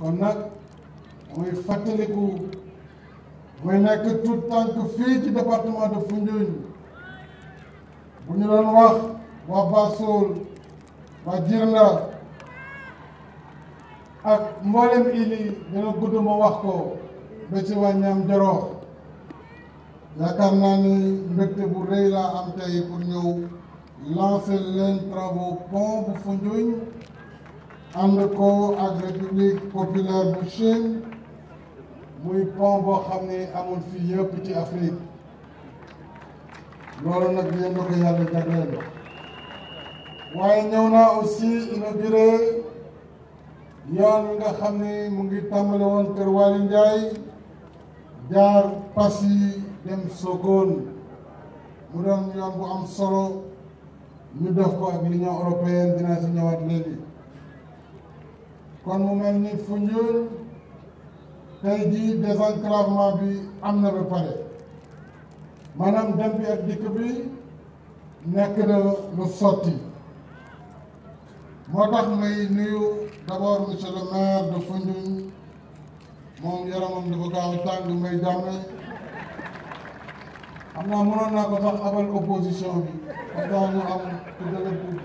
kon nag mooy fàttaliku mooy nekk tout tànk fii ci département de Foundiougne bu ñu doon wax waa Bassoul waa Djirnda ak mboolem ili dina gudd ma wax ko ba waa Niam Joroox yaakaar naa ni mbégte bu rëy laa am tey pour ñëw lancer leen travaux pont bu Foundiougne ànd ko ak république populaire bu Chine muy pont boo xam ne amul fii yëpp ci Afrique loolu nag yéen ko yàlla jagleel waaye ñëw naa aussi inauguré yoon wi nga xam ne mu ngi tàmbale woon Kër Waly Ndiaye jaar Passy dem Sokone mu doon yoon bu am solo ñu def ko ak l'Union européenne dinaa si ñëwaat léegi. kon mu mel ni fu ñuul tey jii désenclavement bi am na ba pare maanaam dem bi ak dikk bi nekk na lu sotti moo tax may nuyu d'abord monsieur le maire de Foundiougne moom yaramam dafa gaaw a tàng may xam naa mënoon naa ko sax abal opposition bi ba daañu am ku dëgër tuuti